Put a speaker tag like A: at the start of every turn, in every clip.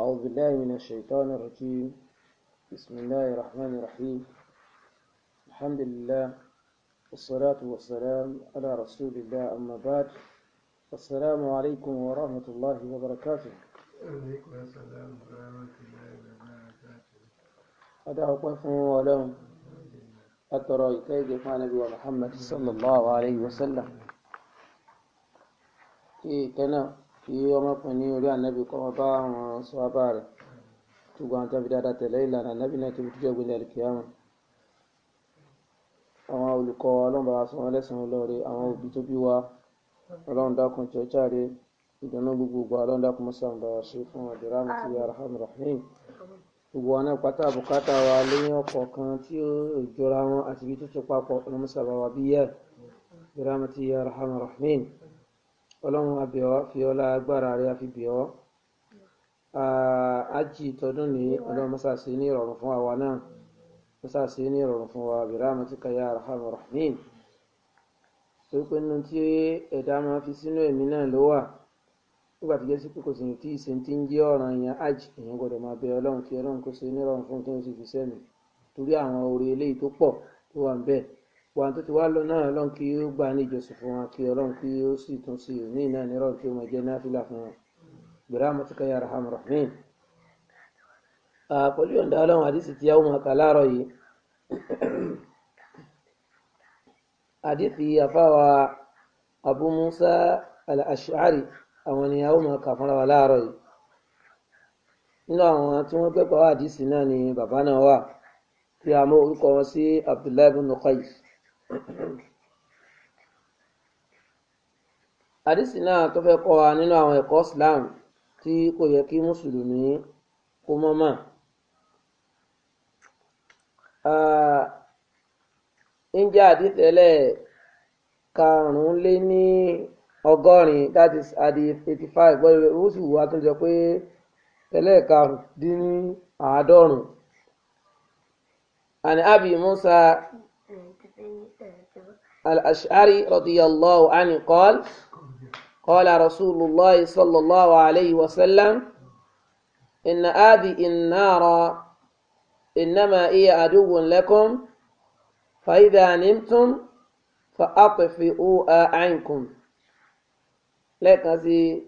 A: أعوذ بالله من الشيطان الرجيم بسم الله الرحمن الرحيم الحمد لله والصلاة والسلام على رسول الله أما بعد السلام عليكم ورحمة الله وبركاته عليكم السلام ورحمة الله وبركاته أدعو قفه ولهم أترى إكيد مع نبي محمد صلى الله عليه وسلم إيه، كي تنام kí ọmọkùnrin ní orí ànábì kọ́ wọn bá àwọn sọ́ábà rẹ̀ gbogbo àwọn tó fi dáadáa tẹ̀lé ìlànà ànábì náà tó fi tíjọ́ gbélé àlùkìyàmù àwọn olùkọ́ ọlọ́run bá wa sọ wọn lẹ́sàn-án lọ́ọ̀rẹ́ àwọn òbí tó bí wa ọlọ́run dákun jọ jàre ìdùnnú gbogbogbò ọlọ́run dákun mọ́sàn bá wa ṣe fún ọ̀dẹ̀rà àti arahamu rahim gbogbo wọn náà pátá àbùkátà wa lẹ́yìn ọ̀kọ̀ọ̀kan tí ó jọra wọn àti ibi tó ti papọ̀ ọlọ́mọsàn bá wa bí yẹ ọ̀dẹ̀rà àti arahamu rahim ọlọ́run abẹ́ọ́ fi ọlá agbára rẹ̀ àfi bẹ́ọ́ ájì tọdún ní ọlọ́run mọ́sàsí ní ìrọ̀rùn fún àwa náà mọ́sàsí ní ìrọ̀rùn fún wa bi rahmatika ya arhamar rahimin torí pé nínú tí ẹ̀dá máa fi sínú ẹ̀mí náà ló wà nígbà tó jẹ́ sí pé kò sì ní tí ìṣe ti ń jẹ́ ọ̀ràn yẹn ájì èèyàn gbọ́dọ̀ máa bẹ ọlọ́run kí ọlọ́run kó ṣe ní ìrọ̀rùn fún kí wọ́n sì fi sẹ́mi torí àwọn oore eléyìí tó pọ̀ tó wà ń bẹ́ẹ̀ wa tó ti wá lọ náà ọlọ́run kí ó gbà ní ìjọsìn fún wọn kí ọlọ́run kí ó sì tún sí òní náà ní ọlọ́run kí ó máa jẹ́ náfìlà fún wọn gbèrà mọ́tíkà ya rahman rahman. pẹ̀lú ìyọ̀ǹda ọlọ́run àdìsí ti yàwó máa láàárọ̀ yìí àdìsí àfáwà abu musa al-ash'ari àwọn ni yàwó máa fúnra wa láàárọ̀ yìí nínú àwọn tí wọ́n gbẹ́pàá àdìsí náà ni bàbá náà wà kí a mọ orúkọ wọn sí abdullahi bin qais àdìsí náà tó fẹ́ kọ́ wa nínú àwọn ẹ̀kọ́ Islam tí kò yẹ kí mùsùlùmí kó mọ́ mà ń jẹ́ àdìtẹ́lẹ̀ karùn-ún lé ní ọgọ́rin that is adi eighty five gbọ́dọ̀ ó sì wá tó jẹ pé tẹ́lẹ̀ karùn-ún dín ní àádọ́rùn-ún. عن أبي موسى الأشعري رضي الله عنه قال قال رسول الله صلى الله عليه وسلم إن هذه النار إنما هي عدو لكم فإذا نمتم فأطفئوها عنكم لكن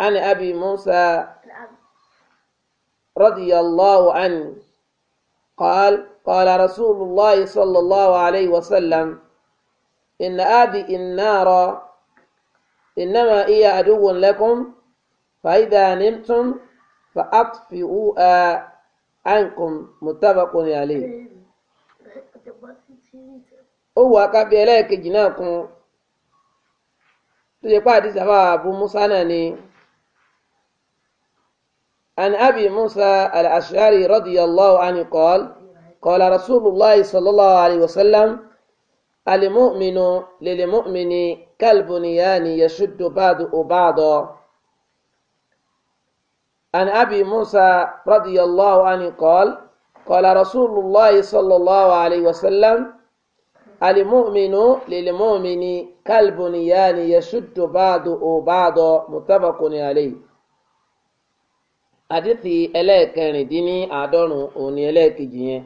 A: عن أبي موسى رضي الله عنه قال قال رسول الله صلى الله عليه وسلم إن هذه النار إنما هي عدو لكم فإذا نمتم فأطفئوها عنكم متفق عليه ó wà kábí ẹlẹ́ẹ̀kejì náà kun tó yẹ pàdé sábà abu musa náà ni an abi musa al-ashari radiyallahu anhu qala qala rasulillah sallallahu alayhi wa sallam. المؤمن للمؤمن كالبنيان يشد بعضه بعضا عن أبي موسى رضي الله عنه قال قال رسول الله صلى الله عليه وسلم المؤمن للمؤمن كالبنيان يشد بعضه بعضا متفق عليه حديث ẹlẹ́ẹ̀kẹrìndínláàádọ́rùn-ún òní ẹlẹ́ẹ̀kejì yẹn.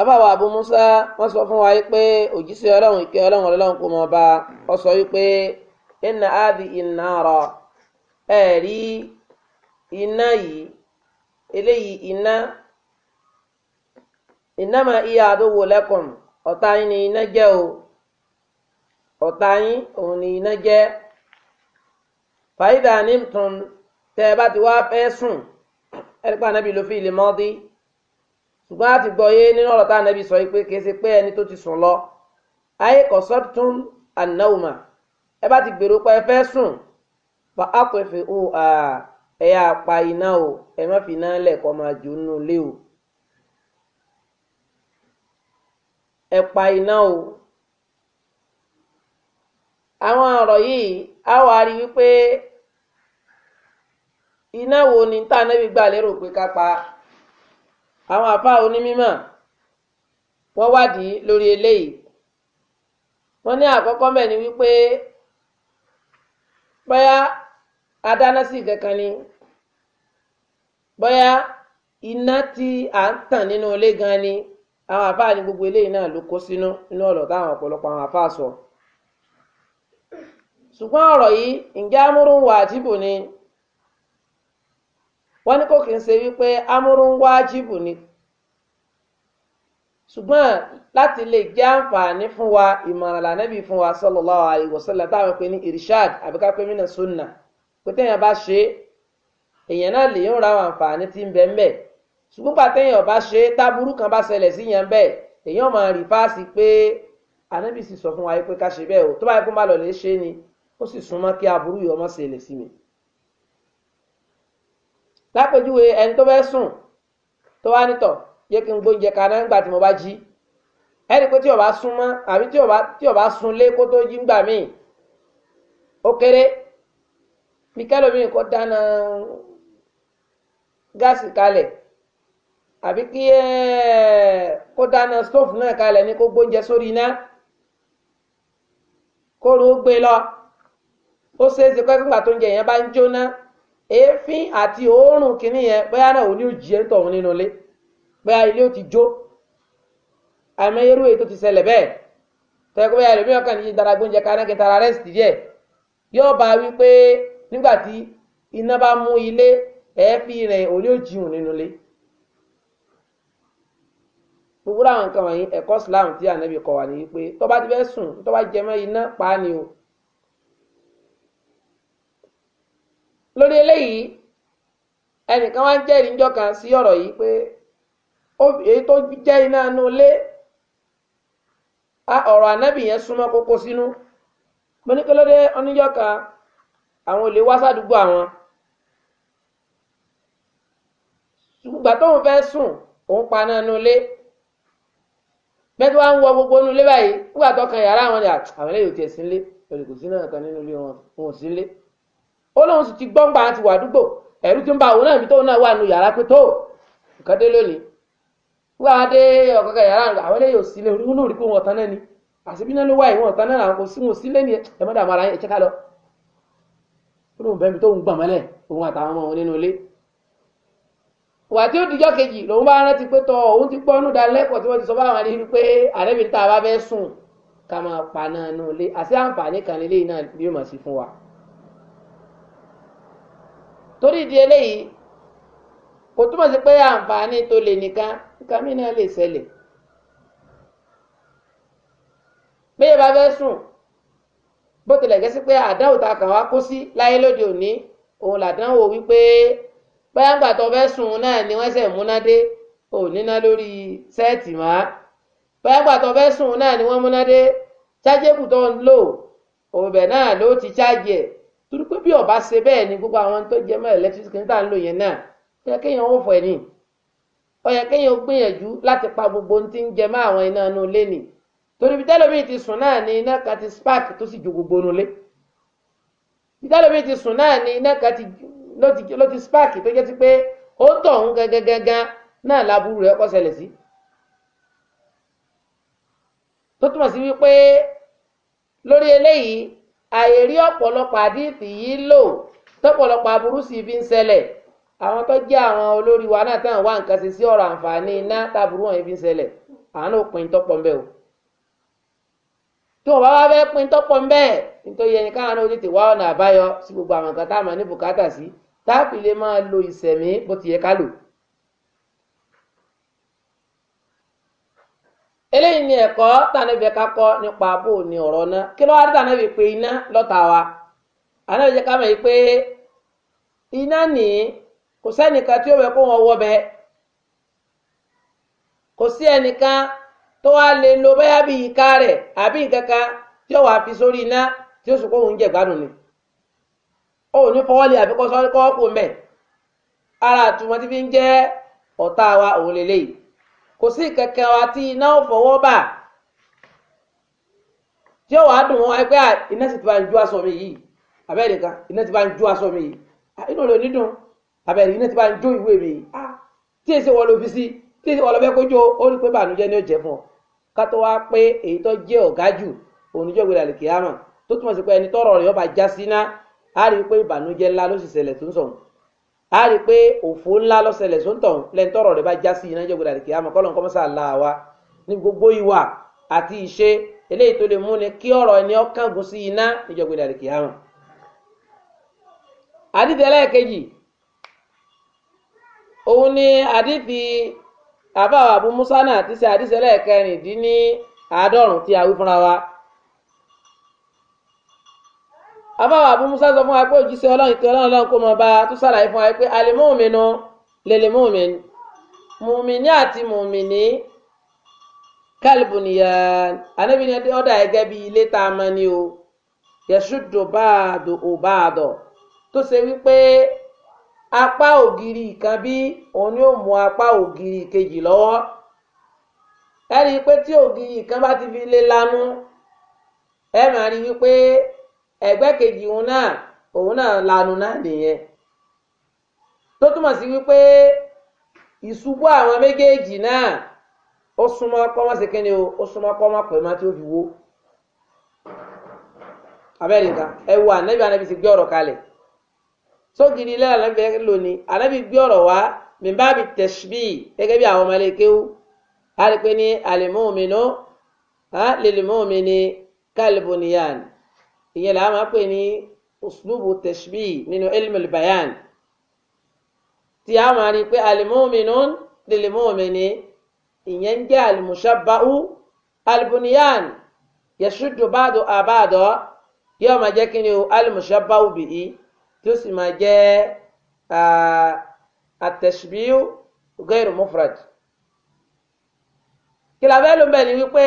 A: abáwọ abu musa wọn sọ fún wa pé òjíṣẹ́ ọlọ́run ìkẹ́ ọlọ́run ọlọ́run kò mọ ọba ọ sọ wípé inna adi iná rọ ẹ iná yìí eléyìí iná iná máa iye àdówó lẹkùn ọ̀tá yín ni iná jẹ́ o ọ̀tá yín òun ni iná fàyídà tẹ ẹ bá ti wá ṣùgbọ́n a ti gbọ́ yé nínú ọ̀rọ̀ tá ànábì sọ pé kì í ṣe pé ẹni tó ti sùn lọ ayé kọ̀sọ́tún ànáwùmá ẹ bá ti gbèrò pé ẹ fẹ́ sùn fa àpèfẹ́ o ẹ yà pa iná o ẹ má fi iná lẹ̀kọ́ máa jò nínú ilé o ẹ pa iná o àwọn ọ̀rọ̀ yìí á wà rí wípé iná wo ni tá ànábì gbà lérò pé ká pa àwọn àfáà onímímọ̀ wọn wádìí lórí eléyìí Wọn ní àkọ́kọ́ bẹ́ẹ̀ ni wípé bóyá adánásì kankan ni bóyá iná tí à ń tàn nínú ilé gan ni àwọn àfáà ní gbogbo eléyìí náà ló kó sínú nínú ọ̀rọ̀ táwọn ọ̀pọ̀lọpọ̀ àwọn àfáà sọ ṣùgbọ́n ọ̀rọ̀ yìí ǹjẹ́ amúrúnwà àjíbò ni. wọ́n ní kò kì í ṣe wípé amúrún wájibù ni ṣùgbọ́n láti lè jẹ́ àǹfààní fún wa ìmọ̀ràn lànàbí fún wa sallallahu alaihi táwọn pè ní irishad àbíká pé mí náà sunna pé téèyàn bá ṣe èèyàn náà lè ń ra àwọn àǹfààní tí ń bẹ ń bẹ ṣùgbọ́n pàtẹ́yìn bá ṣe táburú kan bá ṣẹlẹ̀ sí yẹn bẹ́ẹ̀ èèyàn máa rí fáàsì pé ànábì sọ fún wa pé ká ṣe bẹ́ẹ̀ o tó bá yẹ kó má lọ lè ṣe ni ó sì súnmọ́ kí aburú yìí ọmọ ṣẹlẹ̀ sí mi lápèjúwe ẹni tó fẹ́ sùn tó wá nítọ̀ yẹ kí n gbóúnjẹ kaná ńgbà tí mo bá jí ẹni pé tí o bá sún mọ́ àbí tí o bá tí o bá sùn lé kó tó jí ńgbà míì ó kéré bí kẹlòmíì kó dáná gáàsì kalẹ̀ àbí kí ẹ kó dáná stóòfù náà kalẹ̀ ní kó gbóúnjẹ sórí iná kó ru gbé lọ ó ṣeé ṣe pé nígbà tó ń jẹ yẹn bá ń jóná èéfín àti òórùn kìíní yẹn bóyá náà ò ní ò jìyẹ nítorí nínú ilé bóyá ilé ò ti jó àmọyẹrú èyí tó ti ṣẹlẹ̀ bẹ́ẹ̀ tẹkọ bóyá ẹlòmíì ọkàn ní dara gbóúnjẹ kaná kí n tara rẹsì díẹ̀ yóò bá wí pé nígbà tí iná bá mú ilé èéfín rẹ̀ ò ní ò jìyùn nínú ilé gbogbo àwọn nǹkan wọ̀nyí ẹ̀kọ́ Islam tí ànábì kọ́ wa ní wípé tó bá ti fẹ́ sùn tó bá jẹ mọ́ iná pa á ni o. lórí eléyìí ẹnìkan wá jẹ́ níjọ́ kan sí ọ̀rọ̀ yìí pé èyí tó jẹ́ iná inú ilé ọ̀rọ̀ ànábì yẹn súnmọ́ kókó sínú mo ní kí oníjọ́ kan àwọn olè wá sádùúgbò àwọn ìgbà tóun fẹ́ sùn òun inú ilé gbogbo inú ilé báyìí tó kan yàrá àwọn ni àwọn eléyìí ò tiẹ̀ sí ilé olùkùsí náà kan nínú ó lóun sì ti gbọ́ngbà ti wà àdúgbò ẹ̀rú ti ń ba òun náà tóun náà wà nù yàrá pé tó nǹkan dé lónìí wọ́n á dé yàrá àwọn eléyìí ò sílé orí olóòrí pé wọ́n tán náà ni àṣìbí náà ló wà ìwọ̀n tán náà kò sí ó lóun bẹ́ẹ̀ tóun gbọ̀n mọ́lẹ̀ òun àtàwọn ọmọ nínú ilé. wà tí ó dijọ́ kejì lòun bá rántí pé tọ òun ti ti sọ pé àrẹ́bí sùn ká máa pa torí ìdí eléyìí kò túmọ̀ sí pé àǹfààní tó lè nìkan nǹkan mìíràn lè ṣẹlẹ̀ bí ẹ bá fẹ́ sùn bó tilẹ̀ jẹ́ sí pé àdáwò ta kàn wá kó sí láyé lóde òní òun làdánwò wípé báyà tó fẹ́ sùn náà ni wọ́n ṣe múná dé níná lórí sẹ́ẹ̀tì má báyà tó fẹ́ sùn náà ni wọ́n múná dé chájẹ́kù ń lò òun bẹ̀ náà ló ti chájẹ́ torí pé bí ọba ṣe bẹ́ẹ̀ ni gbogbo àwọn tó jẹ mọ́ electric kìnìún ń lò yẹn náà ó yẹ kéèyàn ó fọ ẹ̀ ó yẹ kéèyàn gbìyànjú pa gbogbo ohun tí ń jẹ mọ́ àwọn iná inú ilé nì torí bí ti sùn náà ni iná ti spark tó sì ju gbogbo inú ilé bí ti sùn náà ni iná ti ló ti spark tó jẹ́ sí pé ó ń gangan náà láburú rẹ̀ kọ́ sí tó túmọ̀ sí wípé àyè rí ọ̀pọ̀lọpọ̀ àdìsí yìí lò tọ́pọ̀lọpọ̀ aburú sì fi ń ṣẹlẹ̀ àwọn tó jẹ́ àwọn olórí wa náà tán wá nǹkan sí sí ọ̀rọ̀ àǹfààní iná táburú wọn fi ń ṣẹlẹ̀ àánú pin tọ́pọ̀ ńbẹ́ o tí wọn bá wá fẹ́ pin tọ́pọ̀ ńbẹ́ nítorí ẹni káwọn náà tètè wá ọ̀nà àbáyọ sí gbogbo àwọn nǹkan tá a máa ní bùkátà sí táàpì lè máa lo ìṣẹ̀mí bó ti yẹ ká lò eléyìí ni ẹ̀kọ́ tànàbí ká kọ́ nípa bó ni ọ̀rọ̀ náà kí ló wá dé tànàbí pé iná lọ́ta wa ànàbí jẹ́ ká mọ̀ yìí pé iná ní kò sẹ́nìkan tí ó bẹ kó wọn wọ bẹ kò sí ẹnìkan tó wá lè lo bóyá bí ìka rẹ̀ àbí nǹkan kan tí ó wàá fi sórí iná tí ó sì kó òun jẹ ìgbádùn ni ó ní fọwọ́ lé àfikọ́ sọ́kọ́ kó mẹ́ ara àtúmọ̀ tí fi ń jẹ́ ọ̀tá wa òun lélẹ́yìí. kò si kankan wa tí iná fọwọ́ bà tí ó wàá dùn wọn iná sì ti bá ń ju aṣọ mi yìí abe kan iná ti bá ń ju aṣọ mi yìí inú rẹ̀ dùn abẹ́rẹ́ iná ti bá ń ju ìwé mi yìí tí èsì wọ́n ló tí èsì wọ́n lọ kójú ó ni ó fún ọ ká tó wá pé èyí tó jẹ́ ọ̀gá jù òun níjọ́ gbé tó túmọ̀ sí pé ẹni rẹ̀ ọba já síná a rí i pé òfò ńlá lọ́sẹ̀lẹ̀ sóńtọ̀ lẹ́ńtọ́rọ̀ rẹ̀ bá já sí iná jẹ́gbẹ̀rẹ̀ àdìkì àmọ́ kọ́lọ́n kọ́mọ́sá là wá ní gbogbo ìwà àti ìṣe eléyìí tó lè mú ni kí ọ̀rọ̀ ẹni ọ̀kángun sí iná níjọ́gbẹ̀rẹ̀ àdìkì àmọ́. àdìtẹ̀ lẹ́ẹ̀kejì òun ni àdìtì àbáwá Abu Musa náà ti ṣe àdìsẹ́ lẹ́ẹ̀kẹrìndínláàádọ́rùn-ún tí a wí fúnra wa àbáwọ̀ àbú musa sọ fún wa pé òjíṣẹ́ ọlọ́run ìtẹ́ ọlọ́run ọlọ́run kó mọ bá a tó ṣàlàyé fún wa pé àlèmọ́ọ̀mìnà lèlèmọ́ọ̀mìnì mùmìnì àti mùmìnì kálíbùnìyàn anábìnrin ẹdí ọ̀dà ẹ̀gẹ́ bí ilé tá a mọ ni o yẹ̀ṣùdò báàdò òbáàdọ̀ tó ṣe wípé apá ògiri kan bí òun ni ó mú apá ògiri kejì lọ́wọ́ ẹ̀rí pé tí ògiri kan bá ti fi lé lanú ẹ̀ máa rí wípé ẹgbẹ́kejì òun náà òun náà lanu náà nìyẹn tó túmọ̀ sí wípé ìṣubú àwọn méjèèjì náà ó súnmọ́ kọ́mọ́sí kínní o ó súnmọ́ kọ́mọ́ pẹ̀lú tí ó fi wó abẹ́rẹ́ ẹ wo ànábì ànábì ti gbé ọ̀rọ̀ kalẹ̀ sógiri ilé ànábì lónìí ànábì gbé ọ̀rọ̀ wá bi tẹ̀síbì gẹ́gẹ́ bí àwọn ọmọlẹ́kẹ́wò ní ìyẹn làá máa pè ní uslubu tashbih nínú ilmul bayan tí a máa rí i pé alimuminun lilimumini ìyẹn ń jẹ́ alimushabahu albuniyan yasudu bado abado yóò máa jẹ́ kí ni o alimushabahu bìí tí ó sì máa jẹ́ atashbihu ghairu mufrad kí ló ń bẹ̀ ni wípé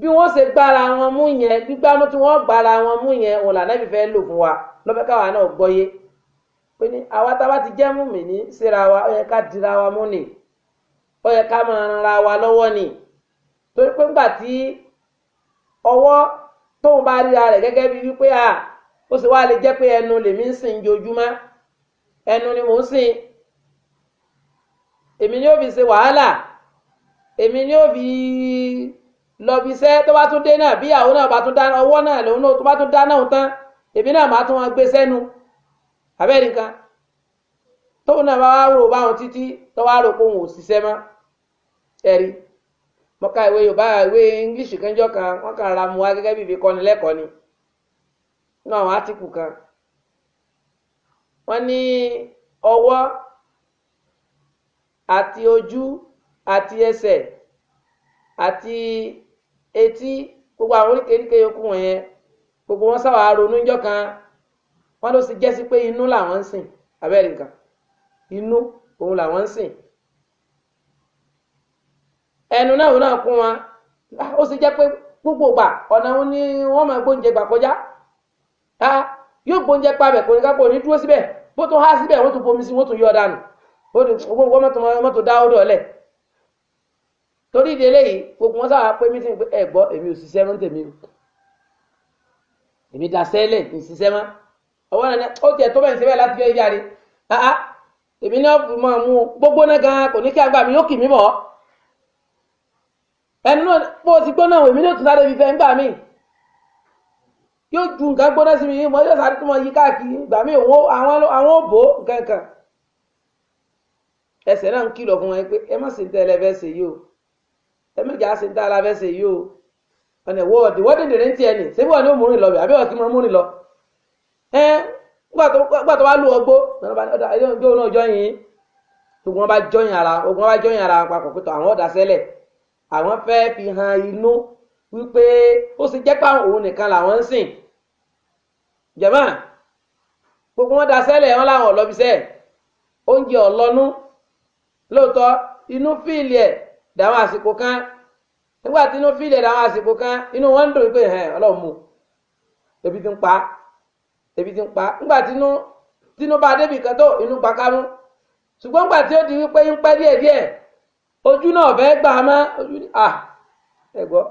A: bí wọ́n ṣe gbára wọn mú yẹn gbígbámú tí wọ́n gbára wọn mú yẹn òun lànàbí fẹ́ lò fún wa lọ́fẹ́ káwa náà gbọ́yé pé ní àwa táwa ti jẹ́ mùmíní síra wa ó yẹ ká dira wa mú ni ó yẹ ká máa ra wa lọ́wọ́ ni torí pé ńgbà tí ọwọ́ tóun bá ríra rẹ̀ gẹ́gẹ́ bí wípé à ó sì wá lè jẹ́ pé ẹnu lèmi ń sìn jojúmọ́ ẹnu ni mò ń sìn èmi ni ó fi ṣe wàhálà èmi ni ó fi lọ́bi iṣẹ́ tó bá tún dé náà bí ìyàwó náà bá tún dáná ọwọ́ náà lòun náà tó bá tún dáná òun tán èmi náà máa tún wọn gbé sẹ́nu abẹ́rẹ́ nǹkan tóun náà bá wá rò báwọn títí tó wá rò pé òun ò ṣiṣẹ́ mọ́ ẹ̀rí mọ́ka ìwé yorùbá ìwé english kanjọ́ kan wọ́n kàn ra mu wá gẹ́gẹ́ bí ibi kọ́ni lẹ́kọ̀ọ́ ni nínú àwọn átíkù kan wọ́n ní ọwọ́ àti ojú àti ẹsẹ̀ àti etí gbogbo àwọn oríkèéríkè yòókù wọn yẹn gbogbo wọn sábà ronú níjọ kan wọn ló sì jẹ́ sí pé inú làwọn ń sìn abẹ́rẹ́ nǹkan inú òun làwọn ń sìn ẹnu náà òun náà kún wọn ó sì jẹ́ pé gbogbo gbà ọ̀nà òun ni wọ́n máa gbóúnjẹ gbà kọjá yóò gbóúnjẹ pa bẹ̀ kò ní kápò ní dúró síbẹ̀ bó tó há síbẹ̀ wọ́n tún bomi sí wọ́n tún yọ dànù wọ́n mọ̀tò dá ó dọ̀ọ́lẹ̀ torí ìdí eléyìí gbogbo wọn sábà pé mítìn pé ẹ gbọ́ èmi ò ṣiṣẹ́ mọ́ tèmi o èmi dà sẹ́lẹ̀ kì í ṣiṣẹ́ mọ́ ọwọ́ náà ó tiẹ̀ tó bẹ́ẹ̀ ń ṣe bẹ́ẹ̀ láti fẹ́ ibi àrí ah èmi náà fi máa mú gbogbo náà gan kò ní kí agbá mi yóò kì mí mọ́ ẹnu náà bó o ti gbóná èmi náà tún sáré fi fẹ́ ń gbà mí yóò ju nǹkan gbóná sí mi yìí mọ́ yóò sáré tó mọ yí káàkiri gbà mí àwọn òbó nǹkan kan ẹsẹ̀ náà ń kìlọ̀ fún wọn pé ẹ má sì ń tẹ́lẹ̀ fẹ́ yìí o ẹ méjì á sì ń dá ara fẹ́ ṣe yìí o ọ̀nà ìwọ ọ̀dì wọ́n dìndìn ní tiẹ̀ nì ṣébí wọn ni ó mú rìn lọ bẹ̀ àbí wọn kì í mọ mú rìn lọ. ẹ gbà tó wá lu ọgbó ọjọ́ náà jọyìn ogun wọn bá jọyìn ara ogun wọn bá jọyìn ara papọ̀ pé àwọn ọ̀dà sẹ́lẹ̀ àwọn fẹ́ fi hàn inú wípé ó sì jẹ́ pé òun nìkan làwọn ń sìn jẹ̀mọ́ gbogbo wọn da sẹ́lẹ̀ wọn làwọn ọ̀lọ́bíṣẹ́ oúnjẹ ọ̀lọ́nú lóòótọ́ inú fíìlì ẹ̀ dàwọn àsìkò kan nígbà tí inú fílẹ̀ dàwọn àsìkò kan inú wọn ń dùn pé ẹ̀hẹ́n ọlọ́run mú ebi ti ń pa ebi ti ń pa nígbà tí inú tí inú bá débi kan tó inú pa kámú ṣùgbọ́n nígbà tí ó di wípé ń pẹ́ díẹ̀ díẹ̀ ojú náà ọ̀fẹ́ gbà á mọ́ ojú ni à ah, ẹ gbọ́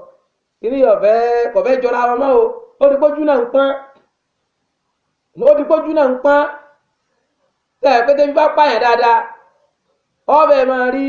A: kiri ọ̀fẹ́ kọ̀fẹ́ jọra wọn mọ́ o ó di pójú náà ń pọ́n ó di pójú náà ń pọ́n tẹ̀ pété bí bá pààyàn dáadáa ọ̀fẹ́ máa rí.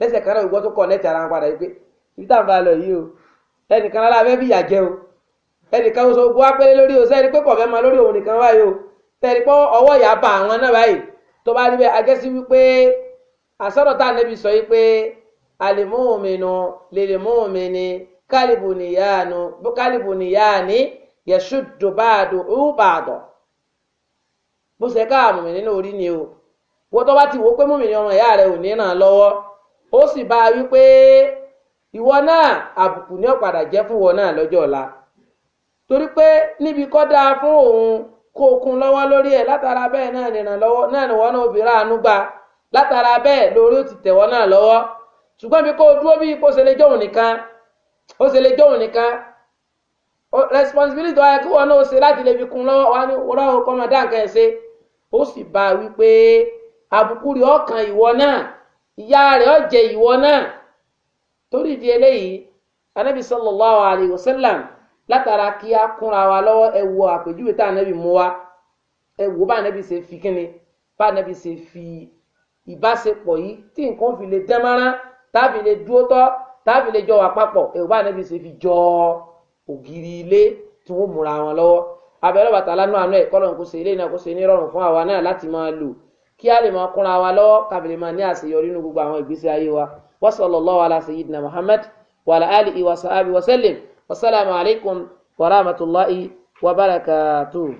A: lẹ́sẹ̀ kan náà ìwọ tó ara padà yìí pé ibi yìí o ẹnìkan lára fẹ́ bí ìyà jẹ o ẹnìkan oṣù ogun apẹ́lẹ́ lórí o sẹ́ni pé kọ̀ọ̀fẹ́ máa lórí òun nìkan wáyé o sẹ́ni pé ọwọ́ ìyá bá àwọn náà báyìí tó bá rí bẹ́ẹ̀ wípé àsọ̀rọ̀ tá ànẹ́bí sọ yìí pé kálíbù kálíbù nínú orí o wọ́n tó bá ti pé ni ọmọ ìyá ó sì bá a wípé ìwọ náà àbùkù fún ìwọ fún òun kó o kún lórí ẹ̀ látara bẹ́ẹ̀ náà náà nìwọ náà obìnrin àánú gbà látara bẹ́ẹ̀ lórí ó ti náà lọ́wọ́ ṣùgbọ́n bí kò dúró bí kò ṣe lè nìkan ó ṣe lè nìkan responsibility ọ̀hún kí wọ́n náà ṣe láti lè fi ṣe ó sì bá a wípé ìyá rẹ̀ ó jẹ ìwọ náà torí di eléyìí anabi sallallahu alayhi wa sallam látara kí a kúnra wa lọ́wọ́ ẹ wo àpèjúwe tá anabi mú wa ẹ wo bá anabi ṣe fi kíni bá anabi ṣe fi ìbáṣepọ̀ yìí tí nǹkan fi lè dánmọ́rán tàbí lè dúró tọ́ tàbí lè jọ wà papọ̀ ẹ wo bá anabi ṣe fi jọ ògiri ilé tí wọ́n múra wọn lọ́wọ́ abẹ́rẹ́ bàtà lánàá àánú ẹ̀ kò ṣe ilé náà kò ṣe ní rọrùn fún àwa náà láti máa lò kí a lè máa kúnra wa lọ́wọ́ kàbìlì máa ní àṣeyọrí nínú gbogbo àwọn ìgbésí ayé wa wa sallallahu ala sayyidina muhammad wa ala alihi wa wa sallim wasalaamu alaykum wa rahmatulahi wa barakatuh.